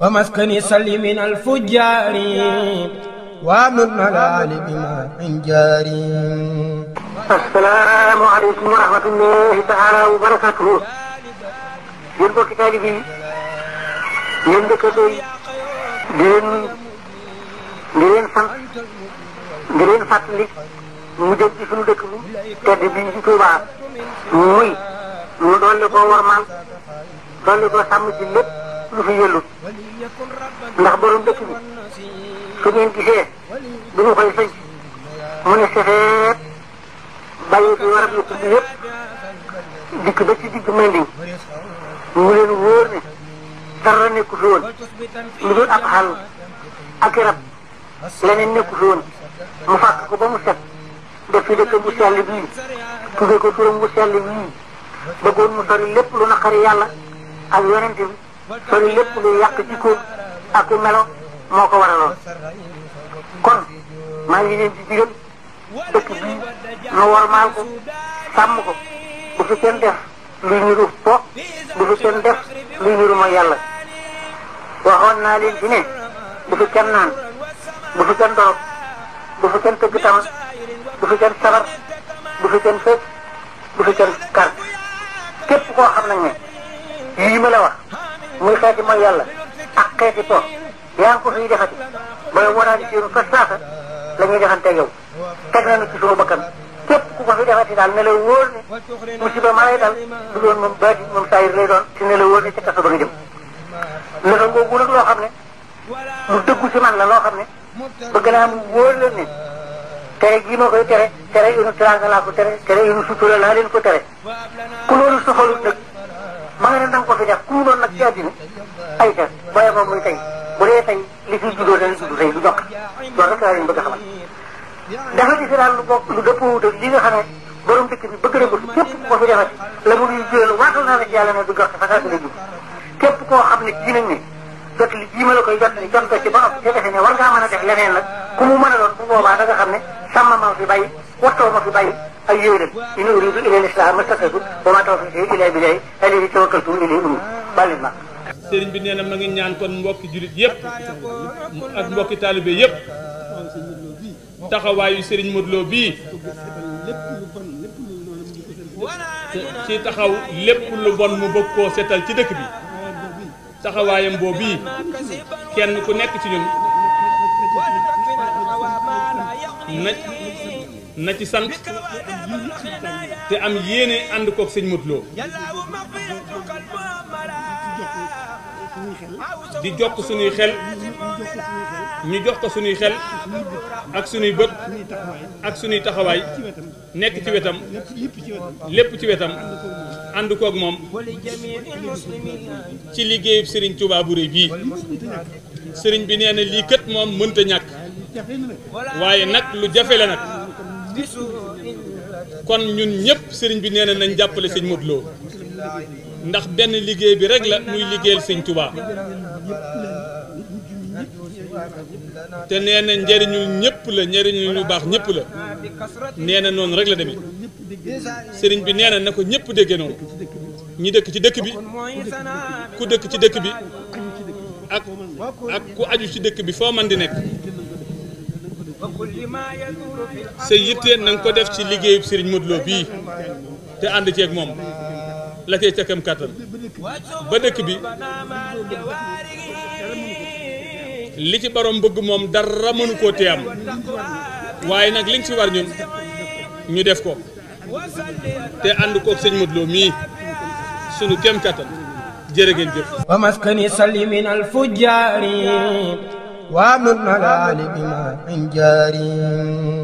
ومسكني صل من الفجار ومن ملال بما من جاري السلام عليكم ورحمة الله تعالى وبركاته yéen bokki taalibe yi yéen dëkkandoo yi di leen di mu jëm ci suñu dëkk bi tedd bi ci lu fi yëllut ndax borom dëkk bi su ngeen gisee bi ñu koy sëñ bi warab yi tudd ba ci digg Manding mu leen wóor ne dara nekku fi woon lu dul ab xàll ak rab leneen nekku fi woon mu fàkk ko ba mu set def fi dëkk bu sell bii tuddee ko turam bu sell bii bëggoon mu sori lépp lu naqari yàlla ak yonente bi sori lépp luy yàq jikko ak melo moo ko waraloon kon maa ngi leen di digal dëkk bii nu warmaal ko sàmm ko bu fi kenn def luy niru po bu fi kenn def luy niru mooy yàlla waxoon naa leen ci ne bu fi kenn naan bu fi kenn dorog bu fi kenn tëgg tama bu fi kenn sabar bu fi kenn fecc bu fi kenn kar képp koo xam nañ ne yii wax muy xeeti mooy yàlla ak xeeti po yaa ngi ko suy defati booy waraani ci fa saasa la ñuy defanteeg yow teg nañu ci suñu bakkan képp ku ko fi defati daal ne la wóor ne musiba ma lay dal du doon moom baati moom saayir lay doon si ne la wóor ne ca kaso ba nga jëm naka ngoogu nag loo xam ne lu dëggu si man la loo xam ne bëgg naa mu wóor leen ne tere gii ma koy tere tere inu teraanga laa ko tere tere inu sutura laa leen ko tere ku loolu soxalut nag ma nga ne da ci àddina ay ca booyee ko muy tey bu dee tey li fi juddoo dana judd tey lu jokk loolu rek laa leen bëgg a xamal dafa di daal lu bokk lu dëppoo wuute li nga xam ne dëkk bi bëgg na ko képp koo fi defati la mu ngi jël waatal naa la ci yàlla ne du jokk fasaa la jub képp koo xam ne ji nañ ne jot li jii ma la koy jot ni jot a a doon bu boobaa da nga xam ne sàmm ma fi bàyyi ma fi bàyyi ay yooyu la in uridu illa al-islaha ma stata'tu wa ma tawfiqi illa billahi alayhi tawakkaltu sëriñ bi nee na ma ngi ñaan kon mbokki jullit yëpp ak mbokki taalibe yëpp taxawaayu sëriñ Modou Lo bii ci taxaw lépp lu bon mu bëgg koo seetal ci dëkk bi taxawaayam boobu kenn ku nekk ci ñun na ci sant te am yéene ànd kook sëñ Modou di jox ko suñuy xel ñu jox ko suñuy xel ak sunuy bët ak suñuy taxawaay nekk ci wetam lépp ci wetam ànd koog moom ci liggéeyub Serigne Touba bu rëy bii Serigne bi nee na lii kët moom mënta ñàkk waaye nag lu jafe la nag kon ñun ñëpp sëriñ bi nee nañ jàppale sëñ Modou ndax benn liggéey bi rek la muy liggéeyal sëñ Touba te nee na njëriñul ñëpp la njëriñul lu baax ñépp la nee na noonu rek la demee sëriñ bi nee na na ko ñëpp déggee noonu ñi dëkk ci dëkk bi ku dëkk ci dëkk bi ak ak ku aju ci dëkk bi foo man di nekk sa yittee na nga ko def ci liggéeyu sëriñ Modou Lo bii te ànd ceeg moom. la cay kem kàttan ba dëkk bi li ci borom bëgg moom dara mënu koo téye waaye nag li nga ci war ñun ñu def ko te ànd koog sëñ Modou Lo mii sunu kem kàttan jërë ngeen jëf wa maskani salli min al fujjaari wa amnun ala alima in jaari